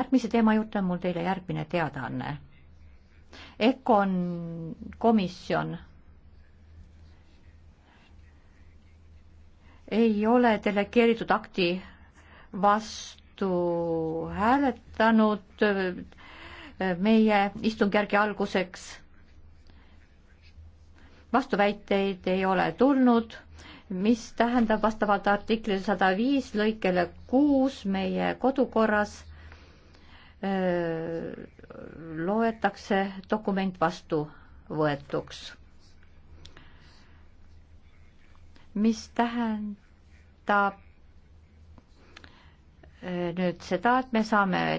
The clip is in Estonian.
järgmise teema juurde on mul teile järgmine teadaanne. EKON komisjon ei ole delegeeritud akti vastu hääletanud äh, meie istungjärgi alguseks. vastuväiteid ei ole tulnud mis tähendab vastavalt artiklile sada viis lõikele kuus meie kodukorras loetakse dokument vastu võetuks. mis tähendab nüüd seda, et me saame